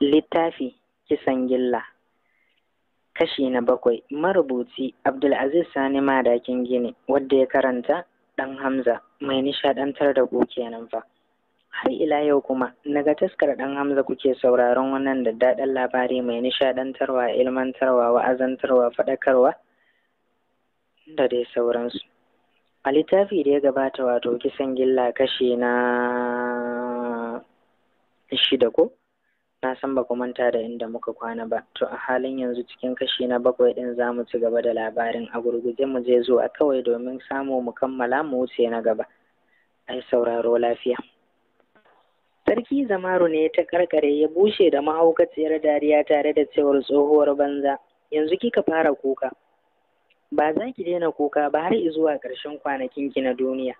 littafi kisan gilla kashi na bakwai marubuci abdulaziz sani madakin gini wadda ya karanta dan hamza mai nishadantar da ku kenan fa har ila yau kuma daga taskar dan hamza kuke sauraron wannan da labari mai nishadantarwa ilmantarwa wa'azantarwa faɗakarwa da dai sauransu a littafi da ya gabata wato kisan gilla kashi na shida ko Na san ba ku manta da inda muka kwana ba, to a halin yanzu cikin kashi na bakwai ɗin za mu ci gaba da labarin a gurguje mu je zuwa kawai domin samu mu kammala mu wuce na gaba. Ai sauraro lafiya. Sarki Zamaru ne ta karkare ya bushe da mahaukaciyar dariya tare da cewar tsohuwar banza, yanzu kika fara kuka. Ba za ki daina kuka ba har zuwa ƙarshen kwanakin ki na duniya.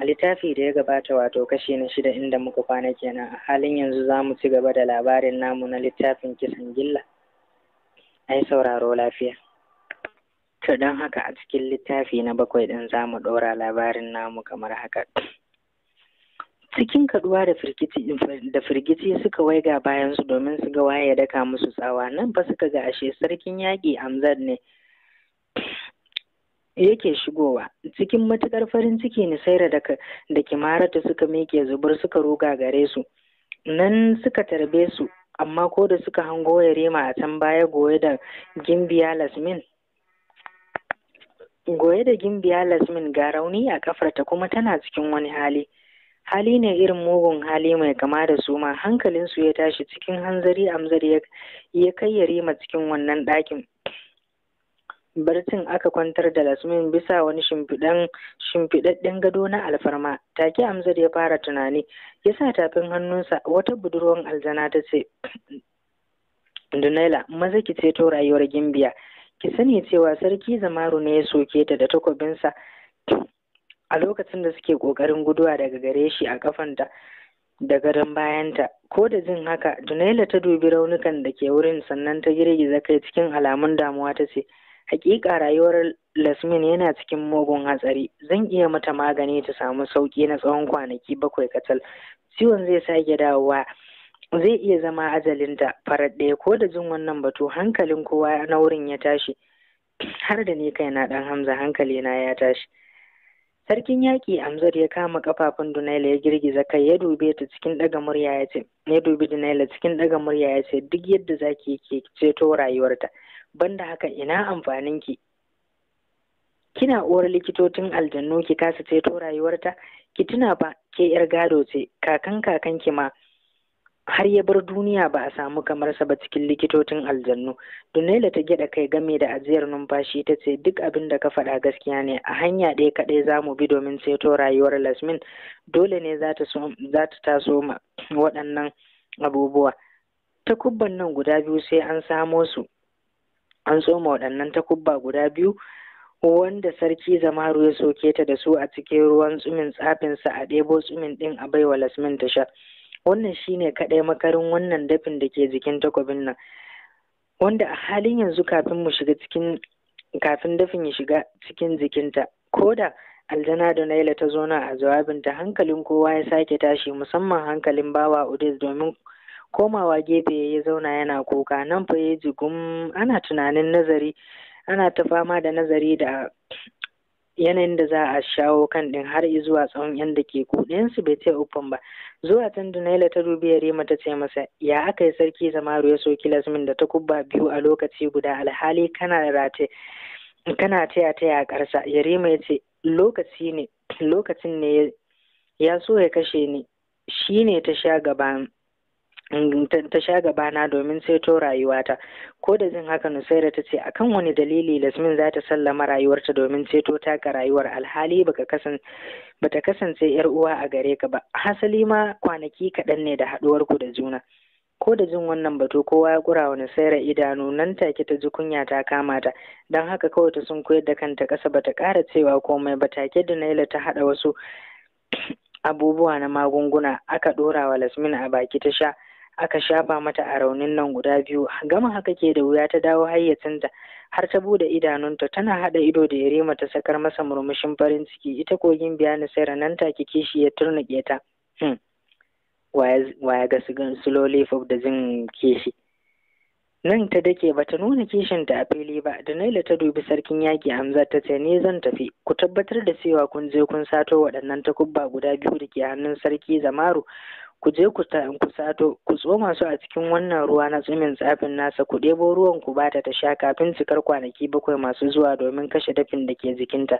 A littafi da ya gabata wato kashi na shida inda muka kwana kenan a halin yanzu za mu ci gaba da labarin namu na littafin kisan gilla. Ai sauraro lafiya. To don haka a cikin littafi na bakwai din za mu ɗora labarin namu kamar haka. Cikin kaɗuwa da firgici da firgici suka waiga bayan su domin su ga waye ya daka musu tsawa nan ba suka ga ashe sarkin yaƙi Amzad ne yake shigowa cikin matukar farin ciki ni saira da da kimarata suka miƙe zubar suka ruga gare su nan suka tarbe su amma ko da suka hango ya rema a can baya goye da gimbiya lasmin goye da gimbiya lasmin ga rauni a kafarta kuma tana cikin wani hali hali ne irin mugun hali mai kama da su ma hankalinsu ya tashi cikin hanzari amzari ya kai ya rima cikin wannan ɗakin barcin aka kwantar da lasmin bisa wani shimfiɗan shimfiɗaɗɗen gado na alfarma take amzar ya fara tunani ya sa tafin hannunsa wata budurwan aljana ta ce dunaila maza ki ceto rayuwar gimbiya ki sani cewa sarki zamaru ne ya soke ta da takobinsa a lokacin da suke ƙoƙarin guduwa daga gare shi a kafanta da gadon bayanta ko da jin haka dunaila ta dubi raunukan da ke wurin sannan ta girgiza kai cikin alamun damuwa ta ce Hakika rayuwar Lasmin yana cikin mugun hatsari. Zan iya mata magani ta samu sauki na tsawon kwanaki bakwai katal Ciwon zai sake dawowa. Zai iya zama ajalinta farat ɗaya ko da jin wannan batu hankalin kowa na wurin ya tashi. Har da ni kaina ɗan Hamza hankali na ya tashi. Sarkin yaƙi Amzar ya kama kafafun Dunaila ya girgiza kai ya dube ta cikin daga murya ya ce, ya dubi Dunaila cikin ɗaga murya ya ce duk yadda zaki ke ceto rayuwarta. banda haka ina amfanin ki kina uwar likitocin aljannu ki kasa ceto rayuwarta ki tuna ba ke yar gado ce kakan kakan ki ma har ya bar duniya ba a samu kamar sa ba cikin likitocin aljannu dunaila ta gida kai game da ajiyar numfashi ta ce duk abin da ka faɗa gaskiya ne a hanya ɗaya kaɗai za mu bi domin ceto rayuwar lasmin dole ne za ta taso waɗannan abubuwa ta kubban nan guda biyu sai an samo su an soma waɗannan takubba guda biyu wanda sarki zamaru ya soke ta da su a cikin ruwan tsumin tsafinsa a ɗebo tsumin ɗin a baiwa lasmin ta sha wannan shine kaɗai makarin wannan dafin da ke jikin takobin nan wanda a halin yanzu kafin mu shiga cikin kafin dafin ya shiga cikin jikinta koda aljana da naila ta zo na a jawabinta hankalin kowa ya sake tashi musamman hankalin bawa udis domin komawa gefe ya zauna yana kuka nan fa ya ji gum, ana tunanin nazari ana ta fama da nazari da yanayin da za a shawo kan din har zuwa tsawon yan da ke kuɗinsu bai ce uffan ba zuwa can dunaila ta dubi yarima ta ce masa ya aka yi sarki zamaru ya soki lasmin da ta kubba biyu a lokaci guda alhali kana rate kana taya taya karsa yarima ya ce lokaci ne lokacin ne ya so ya kashe ni shi ne ta sha gaban ta sha gabana domin ceto rayuwata ko da jin haka nusaira ta ce akan wani dalili lasmin za ta sallama rayuwarta domin ceto ta ga rayuwar alhali ba ta kasance yar uwa a gare ka ba hasali ma kwanaki kaɗan ne da haɗuwar ku da juna ko da jin wannan batu kowa ya kura wa nusaira idanu nan take ta ji kunya ta kama ta don haka kawai ta sun koyar da kanta ƙasa bata ƙara cewa komai ba take da naila ta haɗa wasu abubuwa na magunguna aka ɗora wa lasmin a baki ta sha aka shafa mata a raunin nan guda biyu gama haka ke da wuya ta dawo hayyacinta har ta bude idanunta tana hada ido da yarima ta sakar masa murmushin farin ciki ita kogin biya biyani sai nan take kishi ya turnuke ta hmm. waya ga su lollipop da zin kishi nan ta dake ta nuna kishin ta a fili ba da naila ta dubi sarkin yaki hamza ta ce ne zan tafi ku tabbatar da cewa kun je kun sato waɗannan takubba guda biyu da ke hannun sarki zamaru ku je ku sato ku tsoma su a cikin wannan ruwa na tsumin tsafin nasa ku ɗebo ruwan ku bata ta sha kafin cikar kwanaki bakwai masu zuwa domin kashe dafin da ke jikinta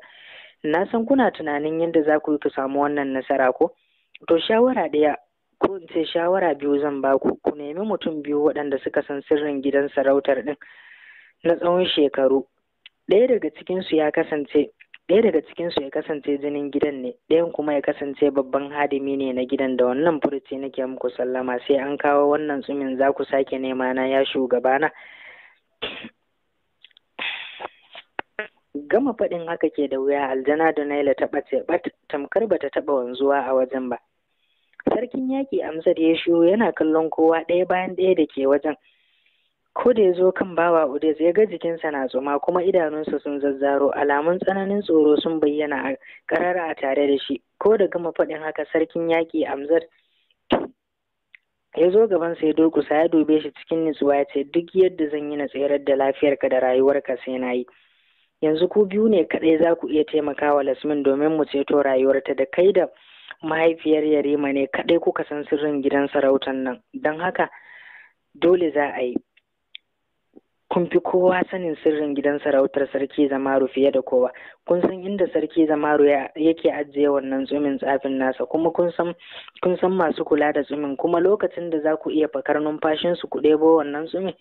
na san kuna tunanin yadda za ku yi ku samu wannan nasara ko to shawara ɗaya ko in ce shawara biyu zan ba ku ku nemi mutum biyu waɗanda suka san sirrin gidan sarautar ɗin na tsawon shekaru ɗaya daga cikinsu ya kasance ɗaya daga cikinsu ya kasance jinin gidan ne ɗayan kuma ya kasance babban hadimi ne na gidan da wannan furuci nake muku sallama sai an kawo wannan tsumin za ku sake nema na ya shugabana gama faɗin haka ke da wuya aljana da naila ta ɓace ɓat tamkar ba ta taɓa wanzuwa a wajen ba sarkin yaƙi amsar ya shiru yana kallon kowa ɗaya bayan ɗaya da ke wajen ko da ya zo kan bawa Ude, ya ga jikinsa na tsuma kuma idanunsa sun zazzaro alamun tsananin tsoro sun bayyana a karara a tare da shi ko da gama faɗin haka sarkin yaƙi amzar ya zo gaban sai durkusa ya dube shi cikin nutsuwa ya ce duk yadda zan yi na tserar da lafiyarka da rayuwarka sai na yi yanzu ku biyu ne kaɗai za ku iya taimakawa lasmin domin mu ceto rayuwarta da kai da mahaifiyar yarima ne kaɗai kuka san sirrin gidan sarautar nan don haka dole za a yi kun fi kowa sanin sirrin gidan sarautar sarki zamaru fiye da kowa kun san inda sarki zamaru yake ajiye wannan tsumin tsafin nasa kuma kun san masu kula da tsumin kuma lokacin da za ku iya fakar numfashinsu ku ɗebo wannan tsumin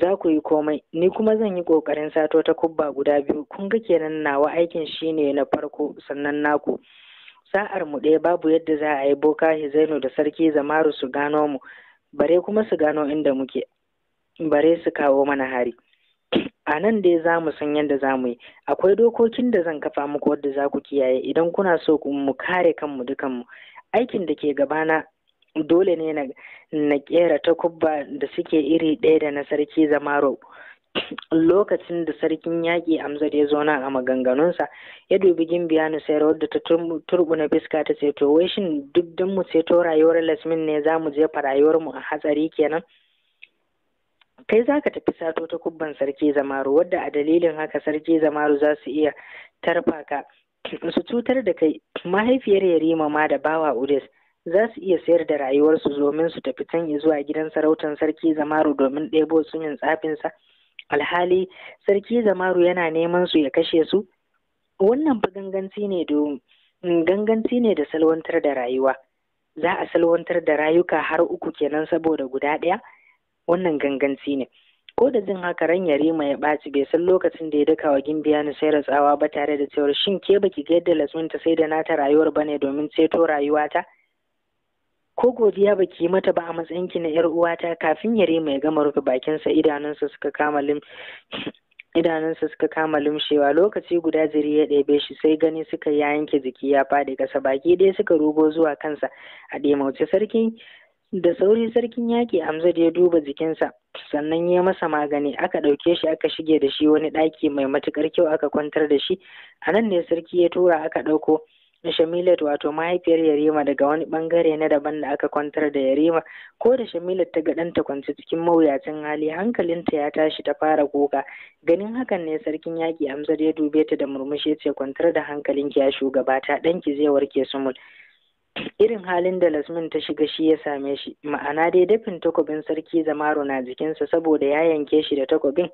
za ku yi komai ni kuma zan yi ƙoƙarin sato ta kubba guda biyu kun ga kenan nawa aikin shine na farko sannan naku sa'ar mu ɗaya babu yadda za a yi boka zainu da sarki zamaru su gano mu bare kuma su gano inda muke bare su kawo mana hari a nan dai za mu san yadda za mu yi akwai dokokin da zan kafa muku wadda za ku kiyaye idan kuna so mu kare kanmu dukanmu aikin da ke gabana dole ne na kera ta kubba da suke iri ɗaya da na sarki zamaro lokacin da sarkin yaƙi amzad ya zo nan a maganganunsa ya dubi gimbiya na sayarwa da ta turbuna biska ta ceto wai shin duk don mu ceto rayuwar lasmin ne za mu jefa rayuwarmu a hatsari kenan kai za ka tafi sato ta kubban sarki zamaru wadda a dalilin haka sarki zamaru za su iya tarfa ka su cutar da kai mahaifiyar yarima ma da bawa udes za su iya sayar da rayuwarsu domin su tafi can zuwa gidan sarautar sarki zamaru domin ɗebo tsumin tsafinsa alhali sarki zamaru yana neman su ya kashe su wannan fa ganganci ne ganganci ne da salwantar da rayuwa za a salwantar da rayuka har uku kenan saboda guda ɗaya wannan ganganci ne ko da jin haka ran yarima ya ɓaci bai san lokacin da ya daka wa gimbiya na sai ratsawa ba tare da cewar shin ke baki ga yadda ta sai da nata rayuwar bane domin ceto rayuwata ko godiya baki yi mata ba a matsayinki na yar uwata kafin yarima ya gama rufe bakinsa idanunsa suka kama lim idanunsa suka kama lumshewa lokaci guda jiri ya ɗebe shi sai gani suka ya yanke jiki ya faɗi ƙasa baki ɗaya suka rugo zuwa kansa a ɗemauce sarki da sauri sarkin yaƙi Hamzat ya duba jikinsa sannan ya masa magani aka ɗauke shi aka shige da shi wani ɗaki mai matuƙar kyau aka kwantar da shi a nan ne sarki ya tura aka ɗauko Shamilat wato mahaifiyar Yarima daga wani ɓangare na daban da aka kwantar da Yarima ko da Shamilat ta ga ta kwance cikin mawuyacin hali hankalinta ya tashi ta fara kuka ganin hakan ne sarkin yaƙi Amsar ya dube ta da murmushi ce kwantar da hankalinki ya shugaba ta ɗanki zai warke sumul irin halin da lasmin ta shiga shi ya same shi ma'ana dai dafin takobin sarki zamaru na jikinsa saboda ya yanke shi da takobin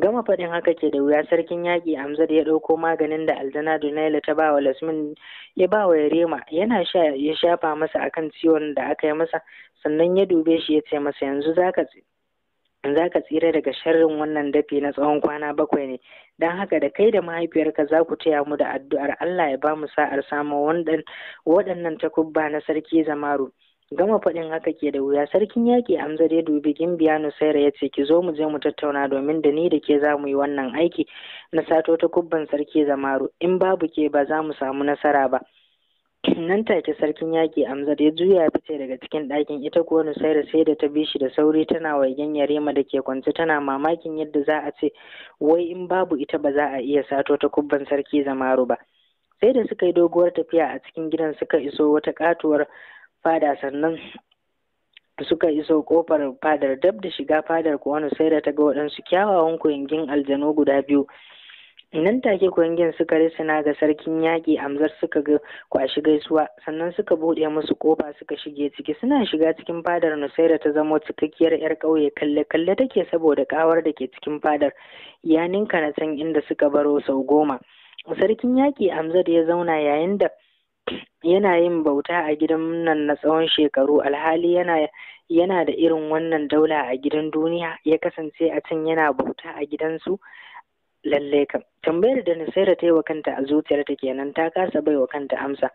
gama faɗin haka ke da wuya sarkin yaƙi amzar ya ɗauko maganin da aljana dunaila ta bawa lasmin ya ba wa yarema yana sha ya shafa masa akan ciwon da aka yi masa sannan ya dube shi ya ce masa yanzu zaka za ka tsira daga sharrin wannan dafi na tsawon kwana bakwai ne don haka da kai da mahaifiyarka za ku taya mu da addu'ar Allah ya ba mu sa'ar samun waɗannan takubba na sarki zamaru gama faɗin haka ke da wuya sarkin yaƙi amza ya dubi gimbiya Saira ya ce ki zo mu je mu tattauna domin da ni da ke za mu yi wannan aiki na sato takubban sarki zamaru in babu ke ba za mu samu nasara ba nan take sarkin yaƙi amzar ya juya fice daga cikin ɗakin ita kuwa nusaira sai da ta bi shi da sauri tana waigen yarema da ke kwance tana mamakin yadda za a ce wai in babu ita ba za a iya sato ta kubban sarki zamaru ba sai da suka yi doguwar tafiya a cikin gidan suka iso wata katuwar fada sannan suka iso kofar fadar dab da shiga fadar kuwa nusaira ta ga waɗansu kyawawan kuyangin aljanu guda biyu nan take kwangin suka risina ga sarkin yaƙi amzar suka ga kwashi gaisuwa sannan suka buɗe musu ƙofa suka shige ciki suna shiga cikin fadar nusaira ta zamo cikakkiyar yar ƙauye kalle kalle take saboda ƙawar da ke cikin fadar ya ninka na san inda suka baro sau goma sarkin yaƙi amzar ya zauna yayin da yana yin bauta a gidan nan na tsawon shekaru alhali yana yana da irin wannan daula a gidan duniya ya kasance a can yana bauta a gidansu Lallai kam tambayar da Nusaira ta yi wa kanta a zuciyarta kenan ta kasa bai wa kanta amsa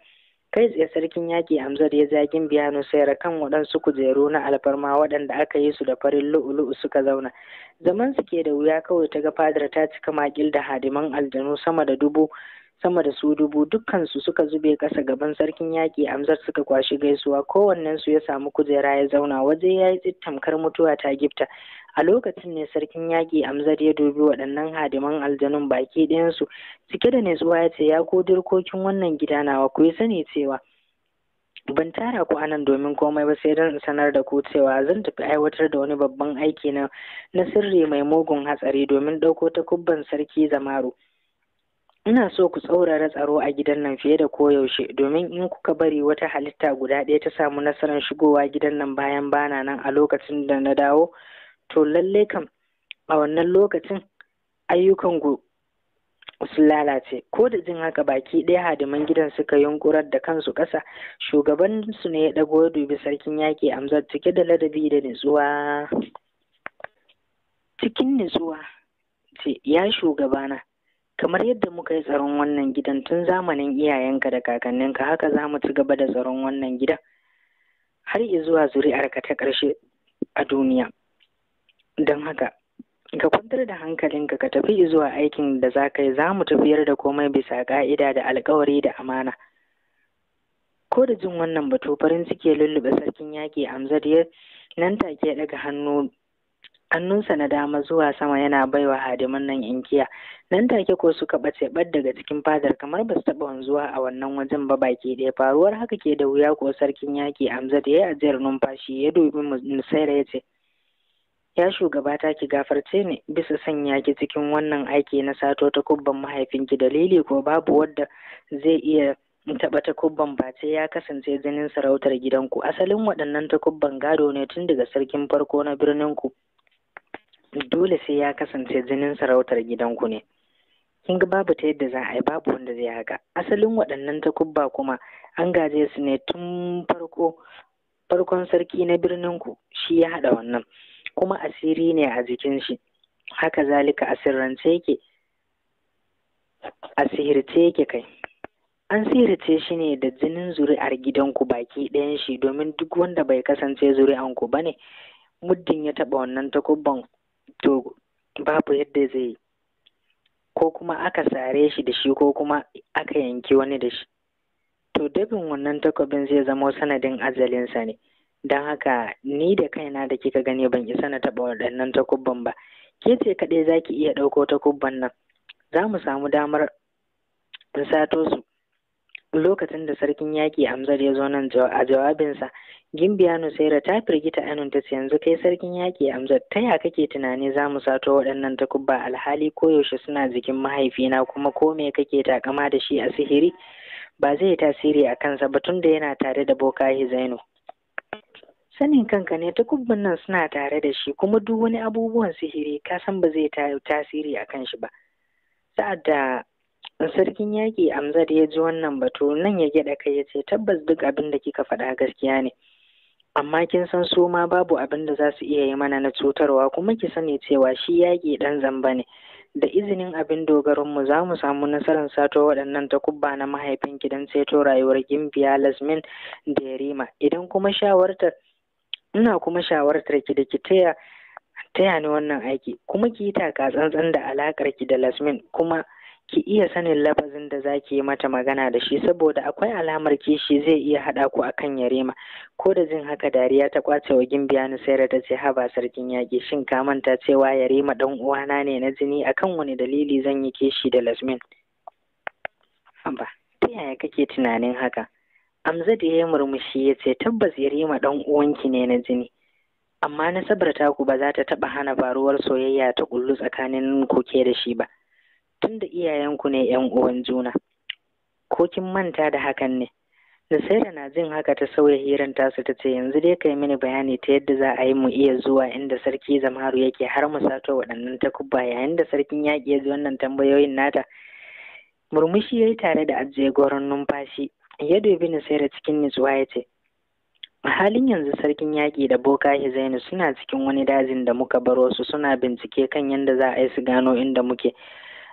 kai tsaye sarkin yaƙi Hamzat ya zagin biya Nusaira kan waɗansu kujeru na alfarma waɗanda aka yi su da farin lu'u-lu'u suka zauna zaman su ke da wuya kawai ta ga fadar ta cika makil da hadiman aljanu sama da dubu sama da su dubu dukkansu suka zube ƙasa gaban sarkin yaƙi amsar suka kwashi gaisuwa su ya samu kujera ya zauna waje ya yi tamkar mutuwa ta gifta a lokacin ne sarkin yaƙi amzar ya dubi waɗannan hadiman aljanun baki ɗayansu cike da nutsuwa ya ce ya ko dirkokin wannan gida nawa ku yi sani cewa ban tara ku anan domin komai ba sai don sanar da ku cewa zan tafi aiwatar da wani babban aiki na sirri mai mugun hatsari domin ɗauko ta kubban sarki zamaru Ina so ku tsaurara tsaro a gidan nan fiye da koyaushe domin in kuka bari wata halitta guda ɗaya ta samu nasarar shigowa gidan nan bayan bana nan a lokacin da na dawo to lalle kam a wannan lokacin ayyukan gu su lalace ko da jin haka baki ɗaya hadiman gidan suka yunkurar da kansu ƙasa shugaban su ne ya ɗago dubi sarkin yaƙi amzar cike da ladabi da nutsuwa cikin nutsuwa ce ya shugabana kamar yadda muka yi tsaron wannan gidan tun zamanin iyayenka da kakanninka haka za mu ci gaba da tsaron wannan gidan har zuwa zuri'arka ta ƙarshe a duniya don haka ka kwantar da hankalinka ka tafi zuwa aikin da za ka yi za mu tafiyar da komai bisa ƙa'ida da alkawari da amana ko da jin wannan batu farin ciki ya lulluɓe sarkin yaƙi amzad nan take ya daga hannu hannunsa na dama zuwa sama yana baiwa hadiman nan inkiya nan take ko suka bace bar daga cikin fadar kamar ba su taba wanzuwa a wannan wajen ba baki ɗaya faruwar haka ke da wuya ko sarkin yaki da ya yi ajiyar numfashi ya dubi musaira ya ce ya shugaba, ta ki gafarce ni bisa sanya ki cikin wannan aiki na sato ta kubban mahaifinki dalili ko babu wadda zai iya taɓa takubban ba sai ya kasance jinin sarautar gidanku asalin waɗannan takubban gado ne tun daga sarkin farko na birnin ku dole sai ya kasance jinin sarautar gidanku ne kin ga babu ta yadda za a yi babu wanda zai haka asalin waɗannan takubba kuma an gaje su ne tun farko farkon sarki na birnin ku shi ya haɗa wannan kuma asiri ne a jikin shi haka zalika asirrance yake asirce yake kai an sirce shi ne da jinin zuri'ar gidanku baki ɗayan shi domin duk wanda bai kasance zuri'anku ba ne muddin ya taɓa wannan takubban to babu yadda zai ko kuma aka sare shi da shi ko kuma aka yanki wani da shi to dabin wannan takobin zai zama sanadin azalinsa ne don haka ni da kaina da kika gani ban isa na taɓa waɗannan takubban ba ke ce kaɗai za ki iya ɗauko takubban nan za mu samu damar sato su lokacin da sarkin yaƙi amzar ya zo nan a jawabinsa gimbiya nusaira ta firgita anun ta yanzu kai sarkin yaƙi amzar ta ya kake tunani za mu sato waɗannan takubba alhali koyaushe suna jikin mahaifina kuma ko me kake takama da shi a sihiri ba zai yi tasiri a kansa ba tun da yana tare da boka zainu sanin kanka ne takubban nan suna tare da shi kuma duk wani abubuwan sihiri ka san ba zai tasiri a kan shi ba sa'ad da sarkin yaƙi amzar ya ji wannan batu nan ya gyaɗa kai ya ce tabbas duk abin da kika faɗa gaskiya ne amma kin san su ma babu abin da za su iya yi mana na cutarwa kuma ki sani cewa shi yaƙi ɗan zamba ne da izinin abin dogaronmu za mu samu nasarar sato waɗannan takubba na mahaifin gidan ceto rayuwar gimbiya lasmin da yarima idan kuma shawartar ina kuma shawartar ki da ki taya taya ni wannan aiki kuma ki yi taka tsantsan da alakar ki da lasmin kuma ki iya sanin labazin da zaki yi mata magana da shi saboda akwai alamar kishi zai iya haɗa ku akan yarema ko da jin haka dariya ta kwace wa gimbiya na sayar ta ce haba sarkin yaƙi shin ka manta cewa yarema ɗan uwana ne na jini akan wani dalili zan yi kishi da lasmin Amba- ta yaya kake tunanin haka amza da ya murmushi ya ce tabbas yarema ɗan uwanki ne na jini amma na sabarta ku ba za ta taba hana faruwar soyayya ta kullu tsakanin ku ke da shi ba tunda iyayenku ne ‘yan uwan juna ko kin manta da hakan ne da sai da na jin haka ta sauya hirar tasu ta ce yanzu dai kai mini bayani ta yadda za a yi mu iya zuwa inda sarki zamaru yake har mu sato waɗannan takubba yayin da sarkin yaƙi ya ji wannan tambayoyin nata murmushi ya yi tare da ajiye goron numfashi ya dubi na sai da cikin nutsuwa ya ce halin yanzu sarkin yaƙi da boka zainu suna cikin wani dajin da muka baro su suna bincike kan yadda za a yi su gano inda muke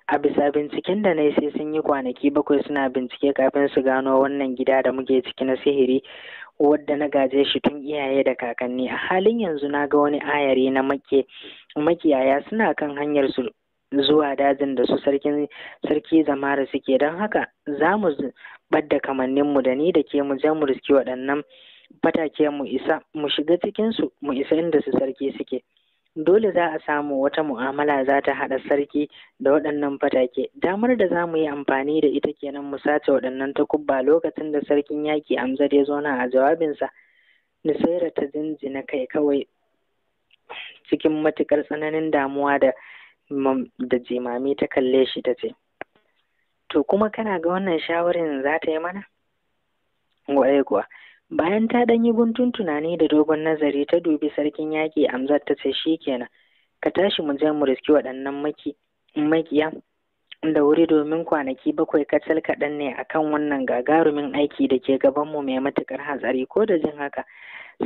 a bisa binciken da na sai sun yi kwanaki bakwai suna bincike kafin su gano wannan gida da muke ciki na sihiri wadda na gaje shi tun iyaye da kakanni a halin yanzu na ga wani ayari na makiyaya suna kan hanyar su zuwa dajin da su sarki zamara suke don haka za mu badda kamanninmu da ni da ke mu je mu riski waɗannan fatake mu isa mu shiga cikinsu mu isa inda su sarki suke dole za a samu wata mu'amala za ta haɗa sarki da waɗannan fatake damar da za mu yi amfani da ita kenan mu sace waɗannan takubba lokacin da sarkin yaƙi amzar ya zauna a jawabinsa nisaira ta jinjina kai kawai cikin matuƙar tsananin damuwa da da jimami ta kalle shi ta ce to kuma kana ga wannan shawarin za ta yi mana kuwa bayan ta ɗanyi guntun tunani da dogon nazari ta dubi sarkin yaƙi amzar ta ce shi kenan ka tashi mu je mu riski waɗannan maki makiya da wuri domin kwanaki bakwai kacal kaɗan ne akan wannan gagarumin aiki da ke gabanmu mai matuƙar hatsari ko da jin haka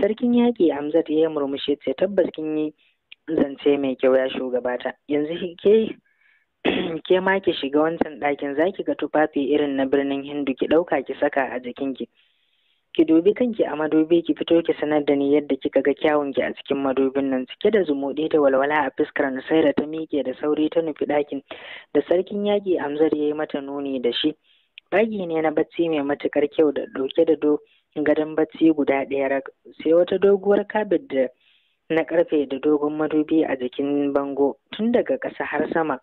sarkin yaƙi amzat ya murmushi ce tabbas kin yi zance mai kyau ya shugabata yanzu ke ke ma ki shiga wancan ɗakin zaki ga tufafi irin na birnin hindu ki ɗauka ki saka a jikinki ki dubi kanki a madubi ki fito ki sanar da ni yadda kika ga kyawun ki a cikin madubin nan cike da zumuɗi da walwala a fuskar Nusaira ta miƙe da sauri ta nufi ɗakin da sarkin yaƙi Amzar ya yi mata nuni da shi. Bagi ne na bacci mai matuƙar kyau da ɗauke da do gadon bacci guda ɗaya sai wata doguwar kabit da na ƙarfe da dogon madubi a jikin bango tun daga ƙasa har sama.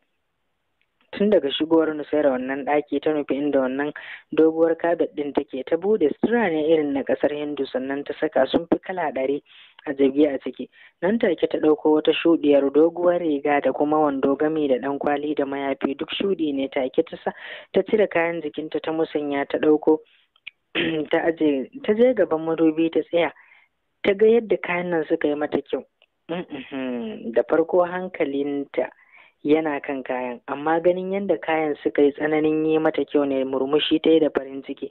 tun daga shigowar nusaira wannan ɗaki ta nufi inda wannan doguwar kabet ɗin take ta bude sutura ne irin na ƙasar hindu sannan ta saka sun fi kala ɗari a jirgi a ciki nan take ta ɗauko wata shuɗiyar doguwar riga da kuma wando gami da ɗan kwali da mayafi duk shuɗi ne take ta sa ta cire kayan jikinta ta musanya ta ɗauko ta aje ta je gaban madubi ta tsaya ta ga yadda kayan nan suka yi mata kyau da farko hankalinta yana kan kayan amma ganin yadda kayan suka yi tsananin yi mata kyau ne murmushi ta yi da farin ciki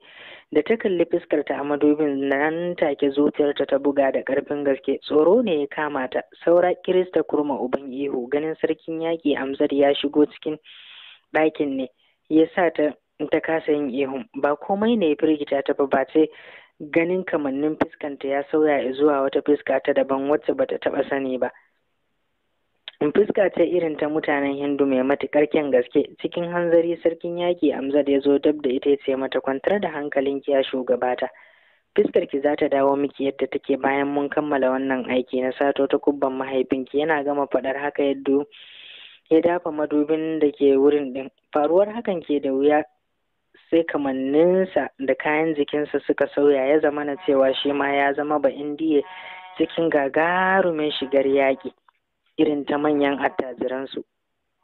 da ta kalli fuskar ta a madubin nan take zuciyarta ta buga da karfin gaske tsoro ne ya kama ta saura kirista kurma uban ihu ganin sarkin yaƙi amsar ya shigo cikin ɗakin ne ya sa ta ta kasa yin ihun ba komai ne ya firgita ta ba ce ganin kamannin fuskanta ya sauya zuwa wata fuska ta daban wacce bata taɓa sani ba In fuska ce irin ta mutanen hindu mai matuƙar kyan gaske cikin hanzari sarkin yaƙi amzad ya zo dab da ita ya ce mata kwantar da hankalinki a shugabata fuskar ki za ta dawo miki yadda take bayan mun kammala wannan aiki na sato ta kubban mahaifinki yana gama faɗar haka yadda ya dafa madubin da ke wurin ɗin faruwar hakan ke da wuya sai kamanninsa da kayan jikinsa suka sauya ya zama na cewa shi ma ya zama ba indiya cikin gagarumin shigar yaƙi irin ta manyan attajiransu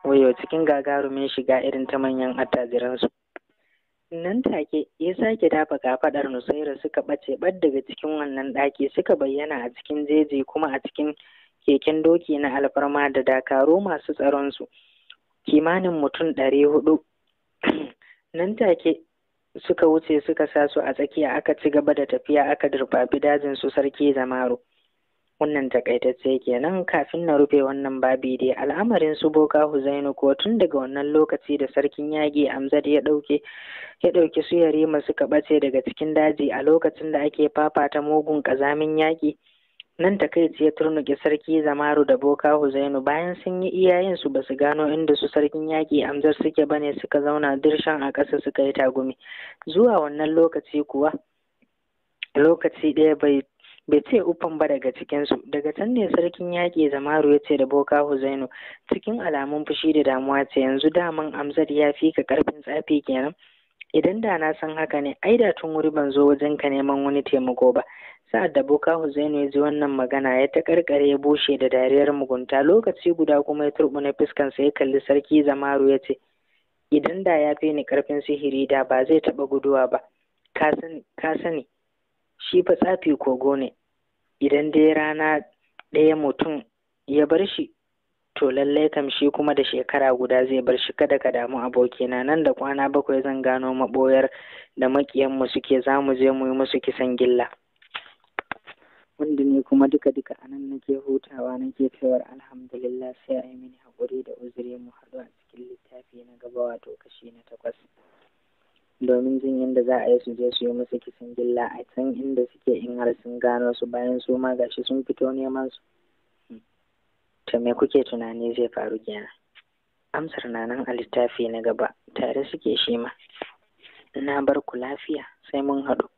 wayo cikin gagarumin shiga irin ta manyan attajiransu nan take ya sake dafa kafaɗar nusaira suka ɓace ɓad daga cikin wannan ɗaki suka bayyana a cikin jeji kuma a cikin keken doki na alfarma da dakaru masu tsaronsu kimanin mutum ɗari hudu nan take suka wuce suka sa su a tsakiya aka ci gaba da tafiya aka durfafi dajin su sarki zamaro wannan takaitacce kenan kafin na rufe wannan babi dai al'amarin su boka huzainu ko tun daga wannan lokaci da sarkin yaƙi amzad ya ɗauke ya ɗauki su yarima suka ɓace daga cikin daji a lokacin da ake fafata mugun ƙazamin yaƙi nan takaici ya turnuki sarki zamaru da boka huzainu bayan sun yi iyayen su basu gano inda su sarkin yaƙi amzar suke bane suka zauna dirshan a ƙasa suka yi tagumi zuwa wannan lokaci kuwa lokaci ɗaya bai bai ce uffan ba daga cikinsu daga can ne sarkin yaƙi zamaru ya ce da boka huzainu cikin alamun fushi da damuwa ce yanzu daman amsar ya fi ka karfin tsafi kenan idan da na san haka ne ai da tun wuri ban zo wajen ka neman wani taimako ba sa'ad da boka huzainu ya ji wannan magana ya ta karkare ya bushe da dariyar mugunta lokaci guda kuma ya fuskan sa ya kalli sarki zamaru ya ce idan da ya fi ni karfin sihiri da ba zai taba guduwa ba ka sani shi fa tsafi kogo ne idan dai rana ɗaya mutum ya bar shi to lallai kam shi kuma da shekara guda zai bar shi kada ka damu abokina nan da kwana bakwai zan gano maɓoyar da maƙiyanmu suke za mu je mu yi musu kisan gilla wanda ne kuma duka duka a nan nake hutawa nake cewar alhamdulillah sai a yi mini haƙuri da uzuri mu haɗu a cikin littafi na gaba wato kashi na takwas domin jin yadda za a yi su je su yi musu kisan gilla a can inda suke in har sun gano su bayan su ma gashi sun fito neman su to me kuke tunani zai faru kenan amsar na nan a littafi na gaba tare suke shi ma na bar ku lafiya sai mun haɗu